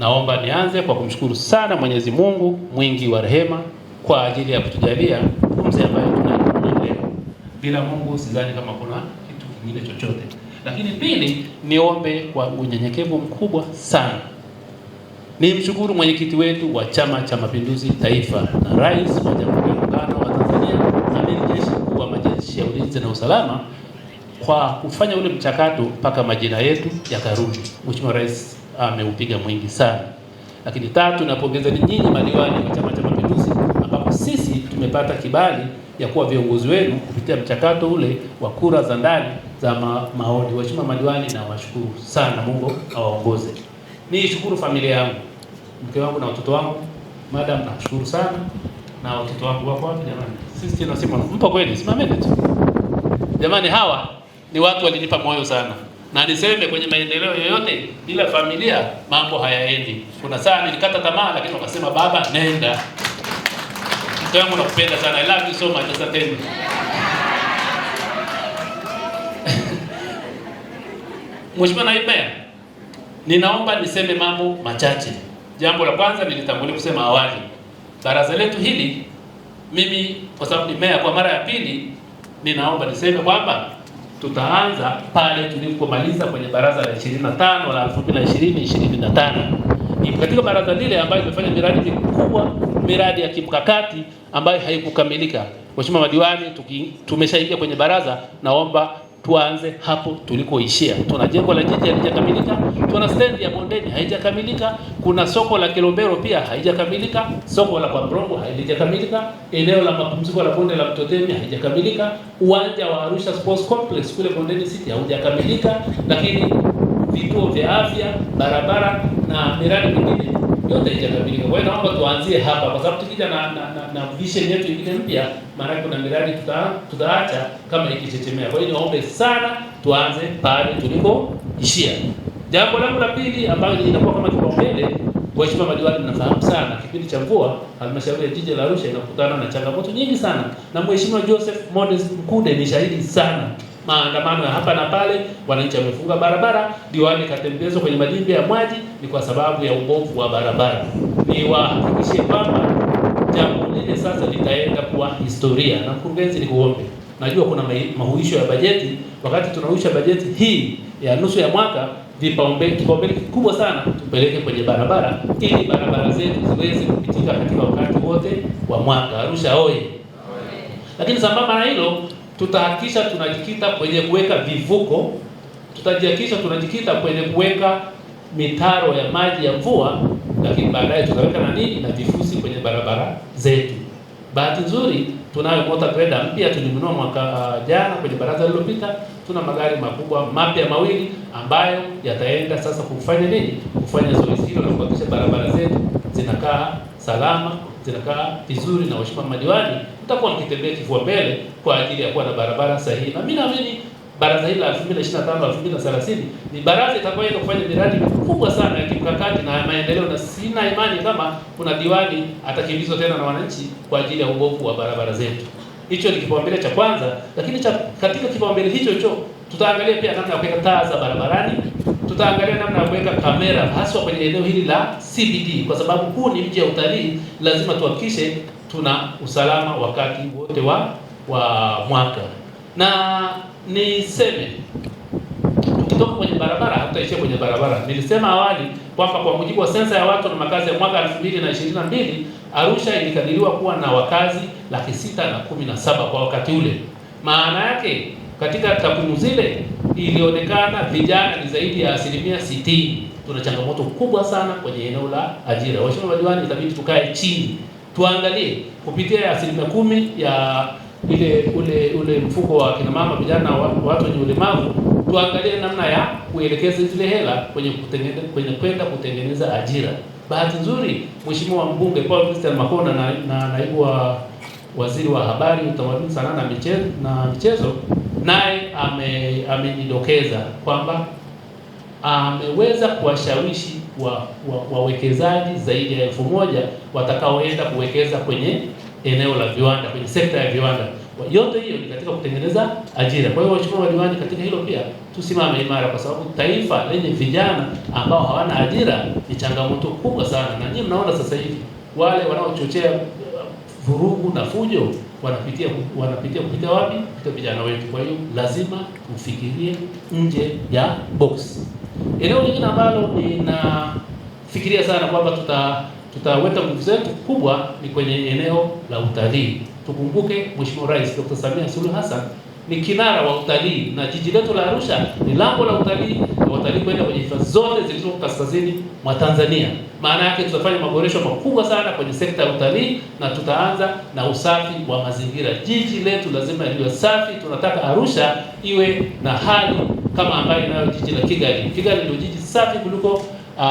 Naomba nianze kwa kumshukuru sana Mwenyezi Mungu mwingi wa rehema kwa ajili ya kutujalia pumzi ambayo tunayo leo. Bila Mungu sidhani kama kuna kitu kingine chochote. Lakini pili, niombe kwa unyenyekevu mkubwa sana nimshukuru mwenyekiti wetu wa Chama cha Mapinduzi Taifa na Rais wa Jamhuri ya Muungano wa Tanzania, Amiri Jeshi Mkuu wa Majeshi ya Ulinzi na Usalama kwa kufanya ule mchakato mpaka majina yetu yakarudi. Mheshimiwa Rais ameupiga mwingi sana. Lakini tatu, ni nyinyi madiwani wa Chama cha Mapinduzi, ambapo sisi tumepata kibali ya kuwa viongozi wenu kupitia mchakato ule wa kura za ndani za ma maoni. Waheshimiwa madiwani, na washukuru sana, Mungu awaongoze. Niishukuru familia yangu, mke wangu na watoto wangu. Madam, nashukuru sana na watoto wangu wako wapi jamani? Sisi tunasema mpo kweli, simameni tu jamani, hawa ni watu walinipa moyo sana na niseme kwenye maendeleo yoyote bila familia mambo hayaendi. Kuna saa nilikata tamaa, lakini wakasema baba, nenda. Mtoto wangu nakupenda sana, I love you so much. Asanteni. Mheshimiwa Naibu Meya, ninaomba niseme mambo machache. Jambo la kwanza nilitangulia kusema awali, baraza letu hili, mimi kwa sababu ni meya kwa mara ya pili, ninaomba niseme kwamba tutaanza pale tulipomaliza kwenye baraza la 25 la 2020 25, katika baraza lile ambayo imefanya miradi mikubwa, miradi ya kimkakati ambayo haikukamilika. Mheshimiwa madiwani, tumeshaingia kwenye baraza, naomba tuanze hapo tulikoishia. Tuna jengo la jiji halijakamilika, tuna stendi ya Bondeni haijakamilika, kuna soko la Kilombero pia haijakamilika, soko la mrongo halijakamilika, eneo la mapumziko la bonde la Mtotemi haijakamilika, uwanja wa Arusha Sports Complex kule Bondeni City haujakamilika, lakini vituo vya afya, barabara na miradi mingine yote haijakamilika. Kwa hiyo naomba tuanzie hapa, kwa sababu tukija na, na, na, na vision yetu ingine mpya, maanake kuna miradi tuta, tutaacha kama ikichechemea. Kwa hiyo niombe sana tuanze pale tulipoishia. Jambo langu la pili ambalo linakuwa kama kipaumbele Mheshimiwa madiwani, nafahamu sana kipindi cha mvua halmashauri ya jiji la Arusha inakutana na changamoto nyingi sana, na Mheshimiwa Joseph Modest Mkude ni shahidi sana maandamano ya hapa na pale, wananchi wamefunga barabara, diwani katembezwa kwenye majimbo ya Mwaji, ni kwa sababu ya ubovu wa barabara. Niwahakikishie kwamba jambo lile sasa litaenda kuwa historia, na mkurugenzi, nikuombe, najua kuna mahuisho ya bajeti. Wakati tunahuisha bajeti hii ya nusu ya mwaka, vipaumbele kipaumbele kikubwa sana tupeleke kwenye barabara, ili barabara zetu ziweze kupitika katika wakati wote wa mwaka. Arusha oye! Lakini sambamba na hilo tutahakikisha tunajikita kwenye kuweka vivuko, tutajihakikisha tunajikita kwenye kuweka mitaro ya maji ya mvua, lakini baadaye tutaweka na nini na vifusi kwenye barabara zetu. Bahati nzuri tunayo mota greda mpya, tulinunua mwaka ah, jana kwenye baraza lililopita. Tuna magari makubwa mapya mawili ambayo yataenda sasa kufanya nini, kufanya zoezi hilo na kuhakikisha barabara zetu zinakaa salama zinakaa vizuri na waheshimiwa madiwani, mtakuwa mkitembea kifua mbele kwa ajili ya kuwa na barabara sahihi, na mimi naamini baraza hili la 2025 2030 ni baraza itakayoenda kufanya miradi kubwa sana ya kimkakati na maendeleo, na sina imani kama kuna diwani atakimbizwa tena na wananchi kwa ajili ya ubovu wa barabara zetu. Hicho ni kipaumbele cha kwanza, lakini cha katika kipaumbele hicho hicho tutaangalia pia namna ya kuweka taa za barabarani tutaangalia namna ya kuweka kamera haswa kwenye eneo hili la CBD, kwa sababu huu ni mji wa utalii. Lazima tuhakikishe tuna usalama wakati wote wa, wa mwaka, na niseme tukitoka kwenye barabara hatutaishia kwenye barabara. Nilisema awali kwamba kwa mujibu wa sensa ya watu na makazi ya mwaka 2022 Arusha ilikadiriwa kuwa na wakazi laki sita na kumi na saba kwa wakati ule. Maana yake katika takwimu zile ilionekana vijana ni zaidi ya asilimia sitini. Tuna changamoto kubwa sana kwenye eneo la ajira. Waheshimiwa madiwani, itabidi tukae chini tuangalie kupitia asilimia kumi ya ile ule ule mfuko wa kina mama, vijana, watu wenye ulemavu, tuangalie namna ya kuelekeza zile hela kwenye kutengeneza kwenye kwenda kutengeneza ajira. Bahati nzuri Mheshimiwa mbunge Paul Christian Makonda na, na naibu wa waziri wa habari, utamaduni, sanaa na michezo na michezo naye amejidokeza kwamba ameweza kuwashawishi wawekezaji wa, wa zaidi ya elfu moja watakaoenda kuwekeza kwenye eneo la viwanda, kwenye sekta ya viwanda. Yote hiyo ni katika kutengeneza ajira. Kwa hiyo, waheshimiwa madiwani, katika hilo pia tusimame imara, kwa sababu taifa lenye vijana ambao hawana ajira ni changamoto kubwa sana, na nyinyi mnaona sasa hivi wale wanaochochea vurugu na fujo wanapitia wanapitia kupitia wapi? Kupitia vijana wetu. Kwa hiyo lazima tufikirie nje ya box. Eneo lingine ambalo ninafikiria sana kwamba tuta tutaweka nguvu zetu kubwa ni kwenye eneo la utalii. Tukumbuke Mheshimiwa Rais Dr. Samia Suluhu Hassan ni kinara wa utalii, na jiji letu la Arusha ni lango la utalii na watalii kwenda kwenye hifadhi zote zilizo kaskazini mwa Tanzania. Maana yake tutafanya maboresho makubwa sana kwenye sekta ya utalii, na tutaanza na usafi wa mazingira. Jiji letu lazima liwe safi. Tunataka Arusha iwe na hali kama ambayo inayo jiji la Kigali. Kigali ndio jiji safi kuliko Uh,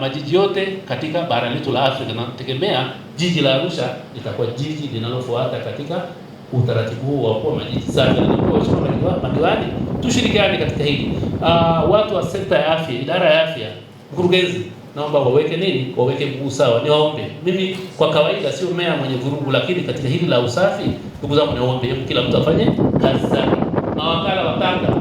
majiji yote katika bara letu la Afrika na tegemea jiji la Arusha litakuwa jiji linalofuata katika utaratibu huu wa kuwa majiji safi, madiwani tushirikiane katika hili. Uh, watu wa sekta ya afya, idara ya afya, mkurugenzi naomba waweke nini, waweke mguu sawa. Niwaombe mimi kwa kawaida sio meya mwenye vurugu, lakini katika hili la usafi, ndugu zangu, niwaombe kila mtu afanye kazi zake. Mawakala wa Tanga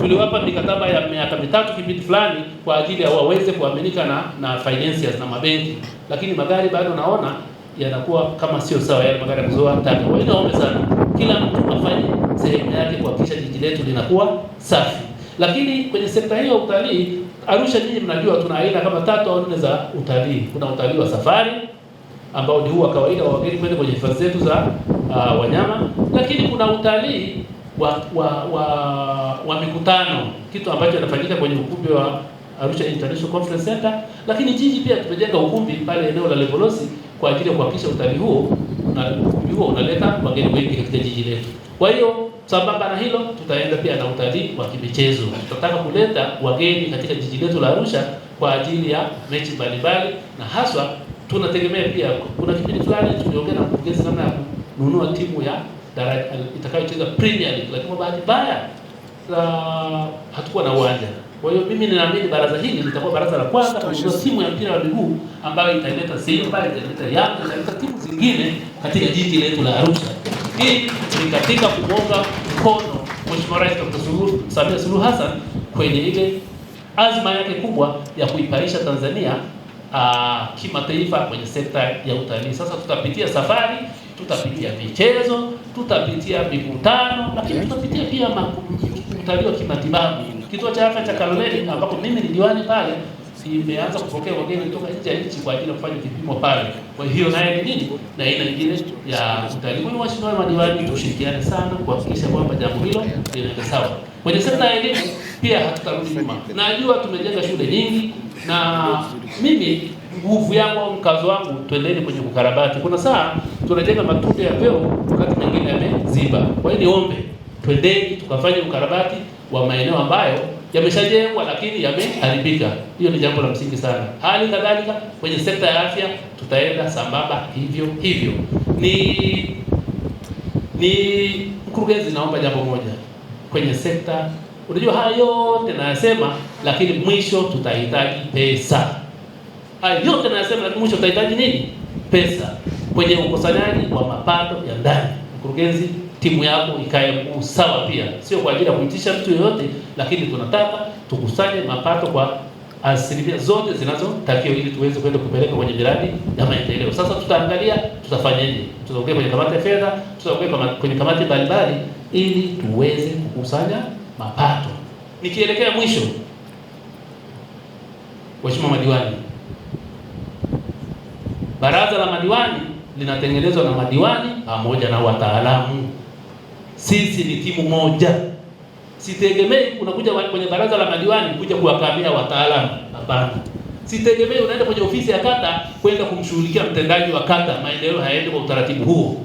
tuliwapa mikataba ya miaka mitatu kipindi fulani kwa ajili ya waweze kuaminika na na financiers na mabenki, lakini magari bado naona yanakuwa kama sio sawa yale magari ya kuzoa taka. Kwa hiyo naomba sana kila mtu afanye sehemu yake kuhakikisha jiji letu linakuwa safi. Lakini kwenye sekta hiyo ya utalii, Arusha nyinyi mnajua tuna aina kama tatu au nne za utalii. Kuna utalii wa safari ambao ni huwa kawaida wa wageni kwenda kwenye hifadhi zetu za uh, wanyama, lakini kuna utalii wa wa, wa wa mikutano, kitu ambacho inafanyika kwenye ukumbi wa Arusha International Conference Center, lakini jiji pia tumejenga ukumbi pale eneo la Levolosi kwa ajili ya kuhakikisha utalii huo na ukumbi huo unaleta wageni wengi katika jiji letu. Kwa hiyo sambamba na hilo, tutaenda pia na utalii wa kimichezo. Tutataka kuleta wageni katika jiji letu la Arusha kwa ajili ya mechi mbalimbali, na haswa tunategemea pia, kuna kipindi fulani tuliongea na mkurugenzi namna ya kununua timu ya daraja itakayocheza Premier League, lakini kwa bahati mbaya hatukuwa na uwanja kwa hiyo mimi ninaamini baraza hili litakuwa baraza la kwanza kuuza timu ya mpira wa miguu ambayo italeta Simba, italeta Yanga, italeta timu zingine katika jiji letu la Arusha. Hii ni katika kumwonga mkono Mheshimiwa Rais Dkt. Samia Suluhu Hassan kwenye ile azma yake kubwa ya kuipaisha Tanzania ah, kimataifa kwenye sekta ya utalii. Sasa tutapitia safari, tutapitia michezo, tutapitia mikutano, lakini tutapitia pia utalii wa kimatibabu kituo cha afya cha Kaloleni ambapo mimi ni diwani pale, simeanza kupokea wageni kutoka nje ya nchi kwa ajili ya kufanya vipimo pale. Kwa hiyo naye ni nini na aina nyingine ya utalii. wa madiwani, tushirikiane sana kuhakikisha kwamba jambo hilo linaenda sawa. Kwenye sekta ya elimu pia hatutarudi nyuma. Najua tumejenga shule nyingi, na mimi nguvu yangu au mkazo wangu, twendeni kwenye kukarabati. Kuna saa tunajenga matundu ya vyoo, wakati mwingine yameziba. Kwa hiyo niombe, twendeni tukafanye ukarabati wa maeneo ambayo yameshajengwa lakini yameharibika. Hiyo ni jambo la msingi sana. Hali kadhalika kwenye sekta ya afya tutaenda sambamba hivyo hivyo. Ni ni mkurugenzi, naomba jambo moja kwenye sekta. Unajua haya yote nayasema, lakini mwisho tutahitaji pesa. Haya yote nayasema, lakini mwisho tutahitaji nini? Pesa kwenye ukusanyaji wa mapato ya ndani. Mkurugenzi timu yako ikae sawa pia, sio kwa ajili ya kuitisha mtu yoyote, lakini tunataka tukusanye mapato kwa asilimia zote zinazotakiwa ili tuweze kwenda kupeleka kwenye miradi ya maendeleo. Sasa tutaangalia tutafanyaje, tutaongea kwenye kamati ya fedha, tutaongea kwenye kamati mbalimbali ili tuweze kukusanya mapato. Nikielekea mwisho, Mheshimiwa madiwani, baraza la madiwani linatengenezwa na madiwani pamoja na wataalamu sisi ni timu moja. Sitegemei unakuja kwenye baraza la madiwani kuja kuwakamia wataalamu, hapana. Sitegemei unaenda kwenye ofisi ya kata kwenda kumshughulikia mtendaji wa kata, maendeleo hayaende kwa utaratibu huo.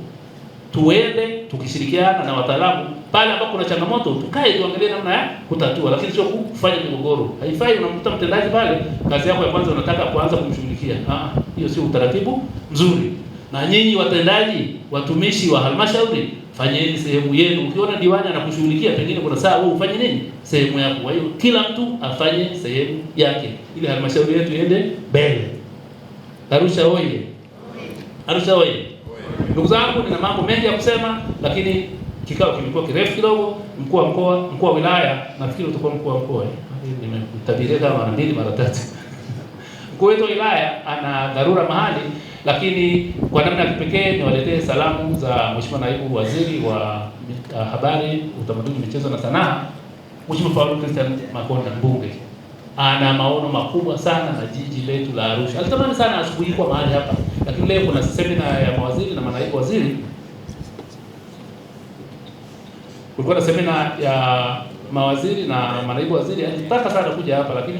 Tuende tukishirikiana na wataalamu pale ambapo kuna changamoto, tukae tuangalie namna ya kutatua, lakini sio kufanya migogoro. Haifai unamkuta mtendaji pale, kazi yako ya kwanza unataka kuanza kumshughulikia. Ah, hiyo sio utaratibu mzuri. Na nyinyi watendaji, watumishi wa halmashauri, fanyeni sehemu yenu. Ukiona diwani anakushughulikia, pengine kuna saa wewe ufanye nini sehemu yako. Kwa hiyo kila mtu afanye sehemu yake ili halmashauri yetu iende mbele. Arusha oye! Arusha oye! Ndugu zangu, nina mambo mengi ya kusema, lakini kikao kimekuwa kirefu kidogo. Mkuu wa mkoa, mkuu wa wilaya, nafikiri utakuwa mkuu wa mkoa, nimekutabiria kama mara mbili mara tatu. Mkuu wetu wa wilaya ana dharura mahali lakini kwa namna ya kipekee niwaletee salamu za Mheshimiwa Naibu Waziri wa uh, Habari, Utamaduni, Michezo na Sanaa, Mheshimiwa Paul Christian Makonda Mbunge. Ana maono makubwa sana na jiji letu la Arusha. Alitamani sana asubuhi kwa mahali hapa, lakini leo kuna semina ya mawaziri na manaibu waziri. Kulikuwa na semina ya mawaziri na manaibu waziri. Alitaka sana kuja hapa, lakini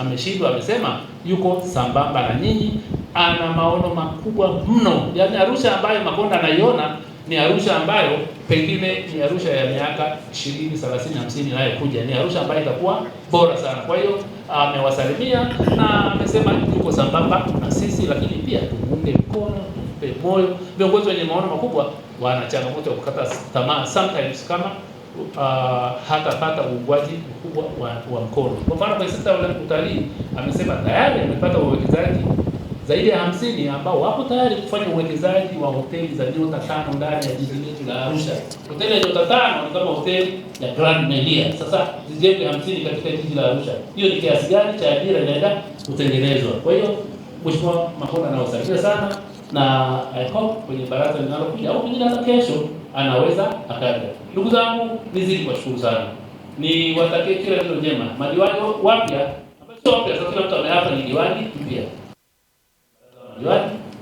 ameshindwa. Amesema yuko sambamba na nyinyi ana maono makubwa mno. Yaani Arusha ambayo Makonda anaiona ni Arusha ambayo pengine ni Arusha ya miaka 20, 30, 50 inayokuja, ni Arusha ambayo itakuwa bora sana. Kwa hiyo ah, amewasalimia na amesema yuko sambamba na sisi, lakini pia tuunge mkono, tumpe moyo. Viongozi wenye maono makubwa wana changamoto ya kukata tamaa sometimes, kama uh, ah, hatapata uungwaji mkubwa wa, wa mkono. Kwa mfano kwa sekta ya utalii amesema tayari amepata uwekezaji zaidi ya hamsini ambao wapo tayari kufanya uwekezaji wa hoteli za nyota tano ndani ya jiji letu la Arusha. Hoteli ya nyota tano ni kama hoteli ya Grand Melia. Sasa zijengwe hamsini katika jiji la Arusha, hiyo ni kiasi gani cha ajira inaenda kutengenezwa? Kwa hiyo Mheshimiwa Makona anawasalimia sana na I hope kwenye baraza linalokuja au pengine hata kesho anaweza akaja. Ndugu zangu, nizidi kuwashukuru sana, niwatakie kila lilo jema madiwani wapya, ambayo sio wapya sasa, kila mtu ameapa ni diwani pia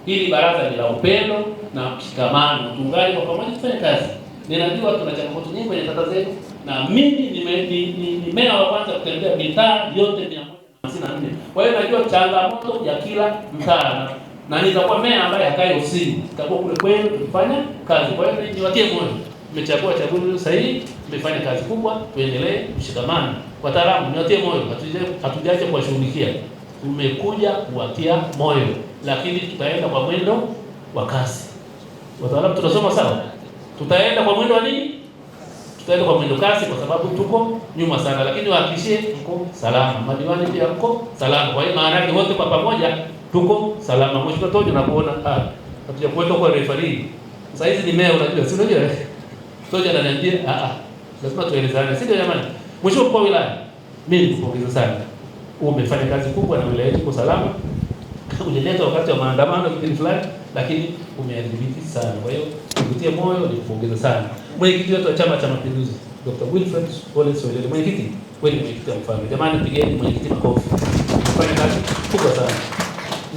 Hili baraza ni la upendo na mshikamano, tuungane kwa pamoja tufanye kazi. Ninajua tuna changamoto nyingi kwenye kata zetu, na mimi ni meya wa kwanza kutembea mitaa yote mia moja hamsini na nne. Kwa hiyo najua changamoto ya kila mtaa, na nitakuwa meya ambaye hakai usini, nitakuwa kule kwenu tukifanya kazi. Kwa hiyo niwatie moyo, mmechagua chaguzi sahihi, mmefanya kazi kubwa, tuendelee mshikamano. Wataalamu niwatie moyo, hatujache kuwashughulikia tumekuja kuwatia moyo, lakini tutaenda kwa mwendo wa kasi. Wataalamu tutasoma sana, tutaenda kwa mwendo wa nini? Tutaenda kwa mwendo kasi, kwa sababu tuko nyuma sana, lakini wahakikishie mko salama. Madiwani pia mko salama. Kwa hiyo maana yake wote kwa pamoja tuko salama. Mheshimiwa Tojo, nakuona ah, hatujakuweka kwa referee sasa. Hizi ni mea, unajua si unajua Tojo ananiambia ah ah, lazima tuelezane, si ndio? Jamani, mheshimiwa mkuu wa wilaya, mimi nikupongeza sana umefanya kazi kubwa na wilaya yetu kwa salama, ulileta wakati wa maandamano kipindi fulani, lakini umeadhibiti sana. Kwa hiyo nikutie moyo, nikupongeza sana. Mwenyekiti wetu wa Chama cha Mapinduzi Dr. Wilfred Ole Soyele, mwenyekiti kweli, mwenyekiti wa mfano. Jamani, pigeni mwenyekiti makofi, umefanya kazi kubwa sana.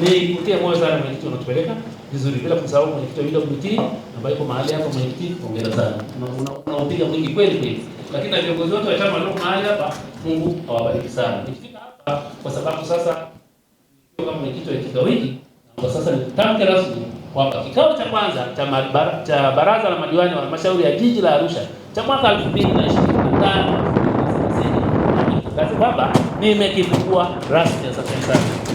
Nikutie moyo sana mwenyekiti, unatupeleka vizuri, bila kusahau mwenyekiti wa UWT ambaye yuko mahali hapa. Mwenyekiti, hongera sana, unaupiga mwingi kweli kweli, lakini na viongozi wote wa chama walio mahali hapa, Mungu awabariki sana kwa sababu sasa kama mwenyekiti wa kikao hiki kwa sasa nitamke rasmi kwamba kikao cha kwanza cha, bar cha baraza la madiwani wa halmashauri ya jiji la Arusha cha mwaka 2025 kwamba nimekifungua rasmi. Asanteni sana.